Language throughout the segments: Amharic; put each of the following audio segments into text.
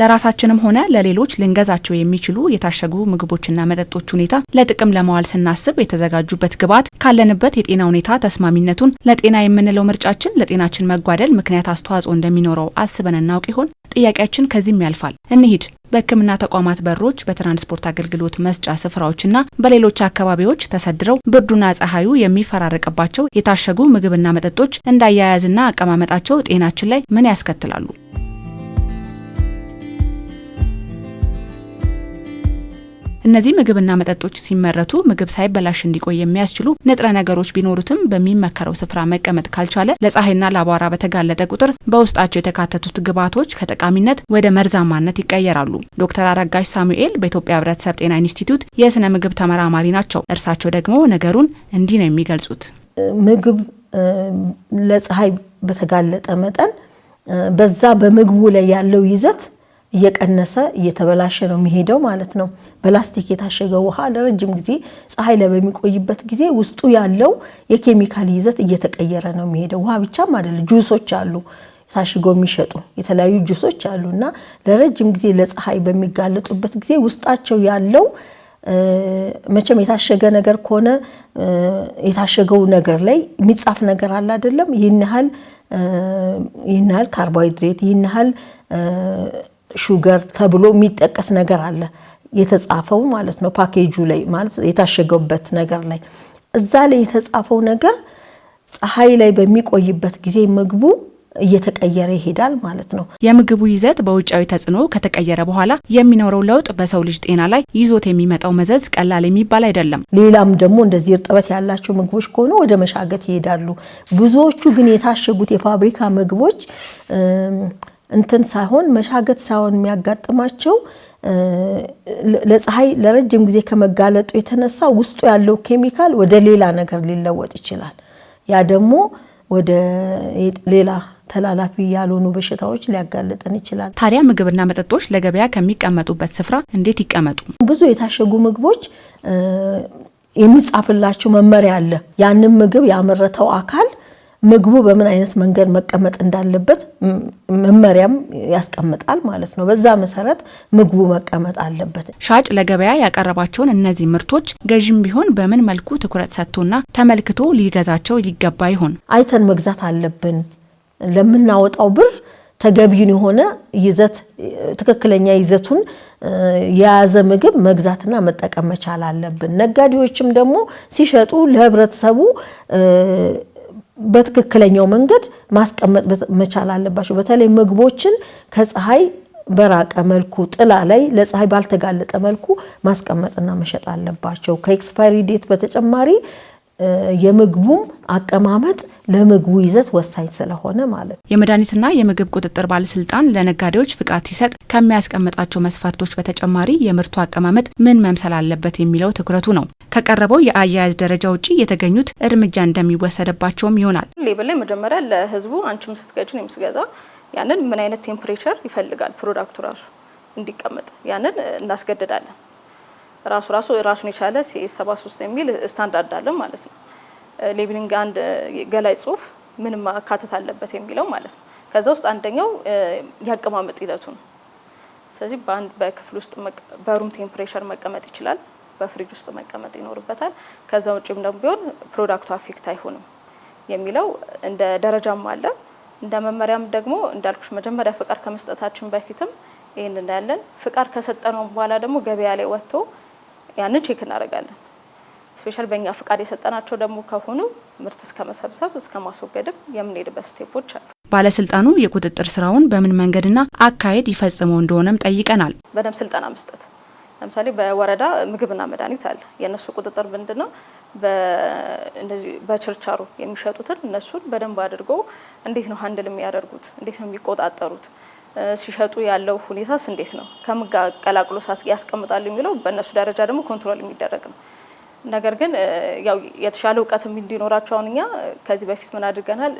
ለራሳችንም ሆነ ለሌሎች ልንገዛቸው የሚችሉ የታሸጉ ምግቦችና መጠጦች ሁኔታ ለጥቅም ለማዋል ስናስብ የተዘጋጁበት ግብዓት ካለንበት የጤና ሁኔታ ተስማሚነቱን ለጤና የምንለው ምርጫችን ለጤናችን መጓደል ምክንያት አስተዋጽኦ እንደሚኖረው አስበን እናውቅ ይሆን? ጥያቄያችን ከዚህም ያልፋል። እንሂድ። በሕክምና ተቋማት በሮች፣ በትራንስፖርት አገልግሎት መስጫ ስፍራዎችና በሌሎች አካባቢዎች ተሰድረው ብርዱና ፀሐዩ የሚፈራረቅባቸው የታሸጉ ምግብና መጠጦች እንዳያያዝና አቀማመጣቸው ጤናችን ላይ ምን ያስከትላሉ? እነዚህ ምግብና መጠጦች ሲመረቱ ምግብ ሳይበላሽ እንዲቆይ የሚያስችሉ ንጥረ ነገሮች ቢኖሩትም በሚመከረው ስፍራ መቀመጥ ካልቻለ ለፀሐይና ለአቧራ በተጋለጠ ቁጥር በውስጣቸው የተካተቱት ግብዓቶች ከጠቃሚነት ወደ መርዛማነት ይቀየራሉ። ዶክተር አረጋሽ ሳሙኤል በኢትዮጵያ ሕብረተሰብ ጤና ኢንስቲትዩት የስነ ምግብ ተመራማሪ ናቸው። እርሳቸው ደግሞ ነገሩን እንዲህ ነው የሚገልጹት። ምግብ ለፀሐይ በተጋለጠ መጠን በዛ በምግቡ ላይ ያለው ይዘት እየቀነሰ እየተበላሸ ነው የሚሄደው ማለት ነው። በላስቲክ የታሸገ ውሃ ለረጅም ጊዜ ፀሐይ ላይ በሚቆይበት ጊዜ ውስጡ ያለው የኬሚካል ይዘት እየተቀየረ ነው የሚሄደው። ውሃ ብቻም አይደለም፣ ጁሶች አሉ ታሽገው የሚሸጡ የተለያዩ ጁሶች አሉ እና ለረጅም ጊዜ ለፀሐይ በሚጋለጡበት ጊዜ ውስጣቸው ያለው መቼም የታሸገ ነገር ከሆነ የታሸገው ነገር ላይ የሚጻፍ ነገር አለ አይደለም? ይህን ያህል ይህን ያህል ካርቦሃይድሬት ይህን ያህል ሹገር ተብሎ የሚጠቀስ ነገር አለ የተጻፈው ማለት ነው። ፓኬጁ ላይ ማለት የታሸገበት ነገር ላይ እዛ ላይ የተጻፈው ነገር ፀሐይ ላይ በሚቆይበት ጊዜ ምግቡ እየተቀየረ ይሄዳል ማለት ነው። የምግቡ ይዘት በውጫዊ ተጽዕኖ ከተቀየረ በኋላ የሚኖረው ለውጥ በሰው ልጅ ጤና ላይ ይዞት የሚመጣው መዘዝ ቀላል የሚባል አይደለም። ሌላም ደግሞ እንደዚህ እርጥበት ያላቸው ምግቦች ከሆኑ ወደ መሻገት ይሄዳሉ። ብዙዎቹ ግን የታሸጉት የፋብሪካ ምግቦች እንትን ሳይሆን መሻገት ሳይሆን የሚያጋጥማቸው ለፀሐይ ለረጅም ጊዜ ከመጋለጡ የተነሳ ውስጡ ያለው ኬሚካል ወደ ሌላ ነገር ሊለወጥ ይችላል። ያ ደግሞ ወደ ሌላ ተላላፊ ያልሆኑ በሽታዎች ሊያጋልጠን ይችላል። ታዲያ ምግብና መጠጦች ለገበያ ከሚቀመጡበት ስፍራ እንዴት ይቀመጡ? ብዙ የታሸጉ ምግቦች የሚጻፍላቸው መመሪያ አለ። ያንን ምግብ ያመረተው አካል ምግቡ በምን አይነት መንገድ መቀመጥ እንዳለበት መመሪያም ያስቀምጣል ማለት ነው። በዛ መሰረት ምግቡ መቀመጥ አለበት። ሻጭ ለገበያ ያቀረባቸውን እነዚህ ምርቶች ገዥም ቢሆን በምን መልኩ ትኩረት ሰጥቶና ተመልክቶ ሊገዛቸው ሊገባ ይሆን? አይተን መግዛት አለብን። ለምናወጣው ብር ተገቢውን የሆነ ይዘት ትክክለኛ ይዘቱን የያዘ ምግብ መግዛትና መጠቀም መቻል አለብን። ነጋዴዎችም ደግሞ ሲሸጡ ለህብረተሰቡ በትክክለኛው መንገድ ማስቀመጥ መቻል አለባቸው። በተለይ ምግቦችን ከፀሐይ በራቀ መልኩ ጥላ ላይ ለፀሐይ ባልተጋለጠ መልኩ ማስቀመጥና መሸጥ አለባቸው። ከኤክስፓይሪ ዴት በተጨማሪ የምግቡም አቀማመጥ ለምግቡ ይዘት ወሳኝ ስለሆነ ማለት ነው። የመድኃኒትና የምግብ ቁጥጥር ባለስልጣን ለነጋዴዎች ፍቃድ ሲሰጥ ከሚያስቀምጣቸው መስፈርቶች በተጨማሪ የምርቱ አቀማመጥ ምን መምሰል አለበት የሚለው ትኩረቱ ነው። ከቀረበው የአያያዝ ደረጃ ውጭ የተገኙት እርምጃ እንደሚወሰድባቸውም ይሆናል። ሌብል ላይ መጀመሪያ ለህዝቡ አንቺም ስትገጭ ነው የምስገዛ ያንን ምን አይነት ቴምፕሬቸር ይፈልጋል ፕሮዳክቱ ራሱ እንዲቀመጥ ያንን እናስገድዳለን። ራሱ ራሱ ራሱን የቻለ ሲኤስ 73 የሚል ስታንዳርድ አለ ማለት ነው። ሌብሊንግ አንድ ገላጭ ጽሁፍ ምን ማካተት አለበት የሚለው ማለት ነው። ከዛ ውስጥ አንደኛው ያቀማመጥ ሂደቱ ነው። ስለዚህ በአንድ በክፍል ውስጥ በሩም ቴምፕሬቸር መቀመጥ ይችላል። በፍሪጅ ውስጥ መቀመጥ ይኖርበታል። ከዛ ውጭም ደግሞ ቢሆን ፕሮዳክቱ አፌክት አይሆንም የሚለው እንደ ደረጃም አለ። እንደ መመሪያም ደግሞ እንዳልኩሽ መጀመሪያ ፍቃድ ከመስጠታችን በፊትም ይህን እናያለን። ፍቃድ ከሰጠነው በኋላ ደግሞ ገበያ ላይ ወጥቶ ያንን ቼክ እናደርጋለን። ስፔሻል በእኛ ፍቃድ የሰጠናቸው ደግሞ ከሆኑ ምርት እስከ መሰብሰብ እስከ ማስወገድም የምንሄድበት ስቴፖች አሉ። ባለስልጣኑ የቁጥጥር ስራውን በምን መንገድና አካሄድ ይፈጽመው እንደሆነም ጠይቀናል። በደንብ ስልጠና መስጠት ለምሳሌ በወረዳ ምግብና መድኃኒት አለ። የእነሱ ቁጥጥር ምንድን ነው? እንደዚህ በችርቻሮ የሚሸጡትን እነሱን በደንብ አድርገው እንዴት ነው ሀንድል የሚያደርጉት? እንዴት ነው የሚቆጣጠሩት? ሲሸጡ ያለው ሁኔታስ እንዴት ነው? ከምጋ ቀላቅሎ ቀላቅሎ ያስቀምጣሉ የሚለው በእነሱ ደረጃ ደግሞ ኮንትሮል የሚደረግ ነው። ነገር ግን ያው የተሻለ እውቀት እንዲኖራቸው አሁን እኛ ከዚህ በፊት ምን አድርገናል?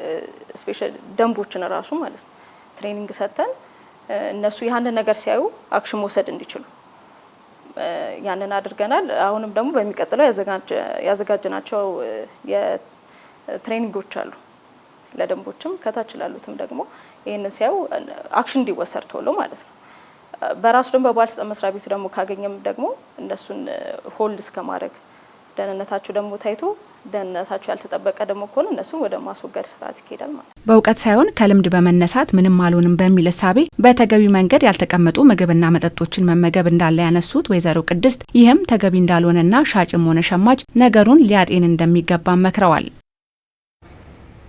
ስፔሻል ደንቦችን ራሱ ማለት ነው ትሬኒንግ ሰጥተን እነሱ ያንን ነገር ሲያዩ አክሽን መውሰድ እንዲችሉ ያንን አድርገናል። አሁንም ደግሞ በሚቀጥለው ያዘጋጀናቸው የትሬኒንጎች አሉ ለደንቦችም ከታች ላሉትም ደግሞ ይህን ሲያዩ አክሽን እንዲወሰድ ቶሎ ማለት ነው። በራሱ ደግሞ በባለስልጣን መስሪያ ቤቱ ደግሞ ካገኘም ደግሞ እነሱን ሆልድ ማድረግ ደህንነታቸው ደግሞ ታይቶ ደህንነታቸው ያልተጠበቀ ደግሞ ከሆነ እነሱን ወደ ማስወገድ ስርዓት ይሄዳል ማለት ነው። በእውቀት ሳይሆን ከልምድ በመነሳት ምንም አልሆንም በሚል እሳቤ በተገቢ መንገድ ያልተቀመጡ ምግብና መጠጦችን መመገብ እንዳለ ያነሱት ወይዘሮ ቅድስት ይህም ተገቢ እንዳልሆነና ሻጭም ሆነ ሸማች ነገሩን ሊያጤን እንደሚገባ መክረዋል።